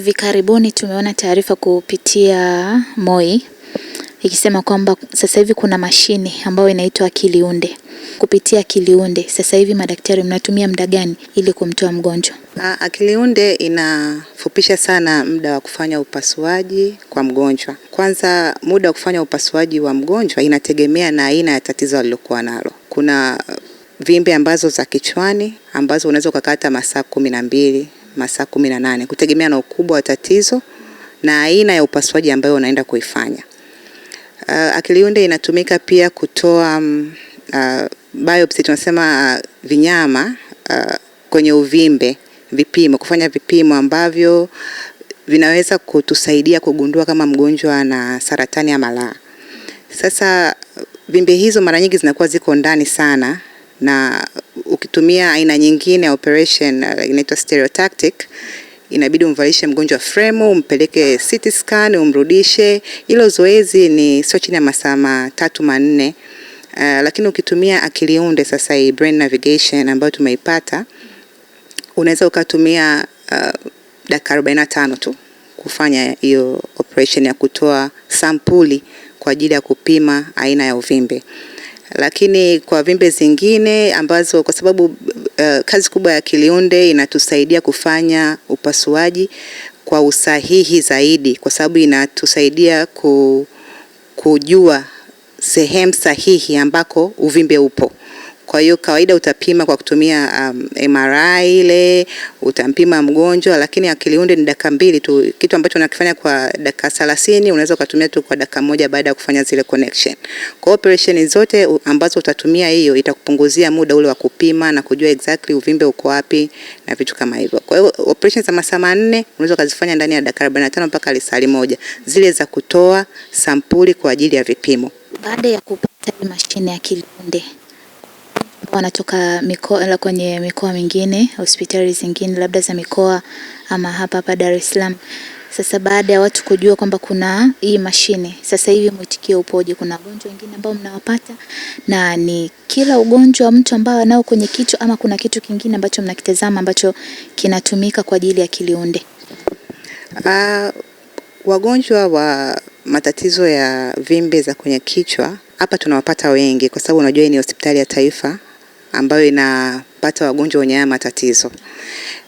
Hivi karibuni tumeona taarifa kupitia MOI ikisema kwamba sasa hivi kuna mashine ambayo inaitwa akili unde. Kupitia akili unde, sasa hivi madaktari mnatumia muda gani ili kumtoa mgonjwa? Akili ah, ah, unde inafupisha sana muda wa kufanya upasuaji kwa mgonjwa. Kwanza, muda wa kufanya upasuaji wa mgonjwa inategemea na aina ya tatizo alilokuwa nalo. Kuna vimbe ambazo za kichwani ambazo unaweza ukakata masaa kumi na mbili masaa kumi na nane kutegemea na ukubwa wa tatizo na aina ya upasuaji ambayo unaenda kuifanya. Uh, akiliunde inatumika pia kutoa um, uh, biopsy tunasema uh, vinyama uh, kwenye uvimbe, vipimo, kufanya vipimo ambavyo vinaweza kutusaidia kugundua kama mgonjwa ana saratani ya malaa. Sasa vimbe hizo mara nyingi zinakuwa ziko ndani sana na kutumia aina nyingine ya operation uh, inaitwa stereotactic inabidi umvalishe mgonjwa fremu, umpeleke CT scan, umrudishe. Hilo zoezi ni sio chini ya masaa matatu manne. Uh, lakini ukitumia akiliunde sasa hii brain navigation ambayo tumeipata unaweza ukatumia uh, dakika 45 tu kufanya hiyo operation ya kutoa sampuli kwa ajili ya kupima aina ya uvimbe lakini kwa vimbe zingine ambazo kwa sababu uh, kazi kubwa ya Kiliunde inatusaidia kufanya upasuaji kwa usahihi zaidi, kwa sababu inatusaidia ku, kujua sehemu sahihi ambako uvimbe upo. Kwa hiyo kawaida utapima kwa kutumia um, MRI ile utampima mgonjwa, lakini akili unde ni dakika mbili tu, kitu ambacho unakifanya kwa dakika 30 unaweza ukatumia tu kwa dakika moja baada ya kufanya zile connection. Kwa operation zote ambazo utatumia hiyo itakupunguzia muda ule wa kupima na kujua exactly uvimbe uko wapi na vitu kama hivyo. Kwa hiyo operation za masaa manne unaweza kuzifanya ndani ya dakika 45 mpaka lisali moja, zile za kutoa sampuli kwa ajili ya vipimo. Baada ya kupata mashine ya akili unde wanatoka mikoa kwenye mikoa mingine, hospitali zingine labda za mikoa ama hapa hapa Dar es Salaam. Sasa baada ya watu kujua kwamba kuna hii mashine, sasa hivi mwitikio upoje? Kuna wagonjwa wengine ambao mnawapata na ni kila ugonjwa mtu ambao anao kwenye kichwa, ama kuna kitu kingine ambacho mnakitazama ambacho kinatumika kwa ajili ya kiliunde? Uh, wagonjwa wa matatizo ya vimbe za kwenye kichwa hapa tunawapata wengi, kwa sababu unajua hii ni hospitali ya taifa ambayo inapata wagonjwa wenye haya matatizo,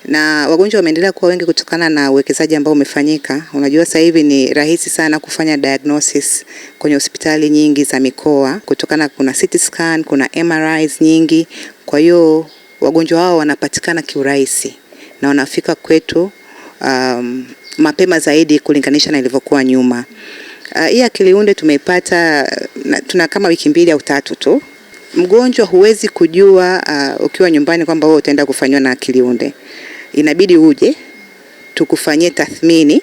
na wagonjwa wameendelea kuwa wengi kutokana na uwekezaji ambao umefanyika. Unajua, sasa hivi ni rahisi sana kufanya diagnosis kwenye hospitali nyingi za mikoa, kutokana kuna CT scan, kuna MRIs nyingi, kwa hiyo wagonjwa hao wanapatikana kiurahisi na wanafika kwetu um, mapema zaidi kulinganisha na ilivyokuwa nyuma. Uh, hii akili unde tumeipata tuna kama wiki mbili au tatu tu Mgonjwa huwezi kujua uh, ukiwa nyumbani kwamba wewe utaenda kufanywa na akiliunde. Inabidi uje tukufanyie tathmini,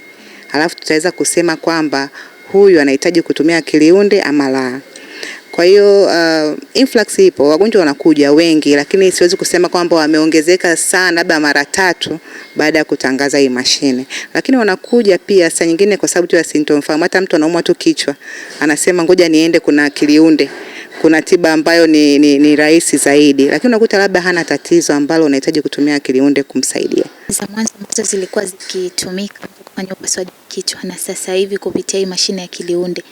alafu tutaweza kusema kwamba huyu anahitaji kutumia akiliunde ama la. Kwa hiyo uh, influx ipo, wagonjwa wanakuja wengi, lakini siwezi kusema kwamba wameongezeka sana, labda mara tatu baada ya kutangaza hii mashine, lakini wanakuja pia saa nyingine kwa sababu tu ya symptom. Hata mtu anaumwa tu kichwa, anasema ngoja niende kuna akiliunde kuna tiba ambayo ni, ni, ni rahisi zaidi, lakini unakuta labda hana tatizo ambalo unahitaji kutumia kiliunde kumsaidia. Za mwanzo ambazo zilikuwa zikitumika kufanya upasuaji kichwa na sasa hivi kupitia hii mashine ya kiliunde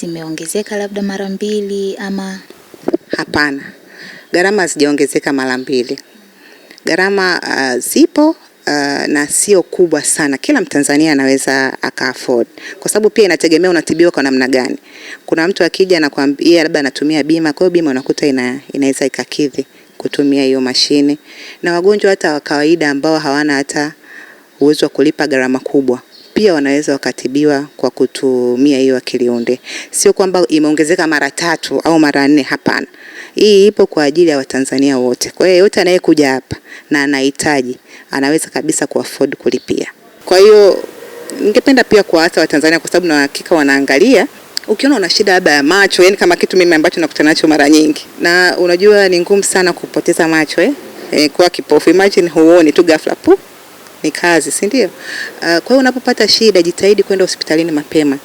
zimeongezeka labda mara mbili ama? Hapana, gharama hazijaongezeka mara mbili, gharama uh, zipo uh, na sio kubwa sana, kila Mtanzania anaweza aka afford, kwa sababu pia inategemea unatibiwa kwa namna gani. Kuna mtu akija anakwambia labda anatumia bima, kwa hiyo bima unakuta ina, inaweza ikakidhi kutumia hiyo mashine, na wagonjwa hata wa kawaida ambao hawana hata uwezo wa kulipa gharama kubwa pia wanaweza wakatibiwa kwa kutumia hiyo akiliunde Sio kwamba imeongezeka mara tatu au mara nne, hapana. Hii ipo kwa ajili ya Watanzania wote. Kwa hiyo yeyote anayekuja hapa na anahitaji anaweza kabisa ku afford kulipia. Kwa hiyo ningependa pia hata Watanzania kwa sababu na hakika wanaangalia ukiona una shida labda ya macho, yani kama kitu mimi ambacho nakutana nacho mara nyingi, na unajua ni ngumu sana kupoteza macho eh? Eh, kwa kipofu, imagine huoni tu ghafla pu, ni kazi, si ndio? Uh, kwa hiyo unapopata shida jitahidi kwenda hospitalini mapema.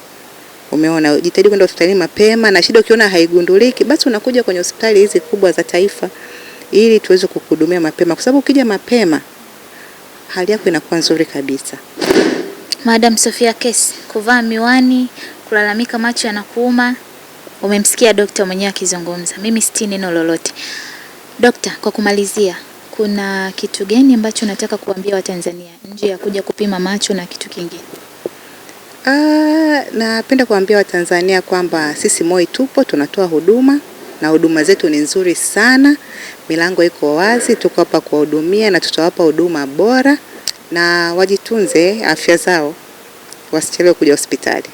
Umeona, jitahidi kwenda hospitalini mapema, na shida ukiona haigunduliki, basi unakuja kwenye hospitali hizi kubwa za taifa ili tuweze kukuhudumia mapema, kwa sababu ukija mapema hali yako inakuwa nzuri kabisa. Madam Sofia Kesi, kuvaa miwani, kulalamika macho yanakuuma, umemsikia dokta mwenyewe akizungumza. Mimi siti neno lolote. Dokta, kwa kumalizia, kuna kitu gani ambacho nataka kuambia Watanzania nje ya kuja kupima macho na kitu kingine? Ah, napenda kuambia Watanzania kwamba sisi MOI tupo tunatoa huduma na huduma zetu ni nzuri sana. Milango iko wazi, tuko hapa kuwahudumia na tutawapa huduma bora, na wajitunze afya zao, wasichelewe kuja hospitali.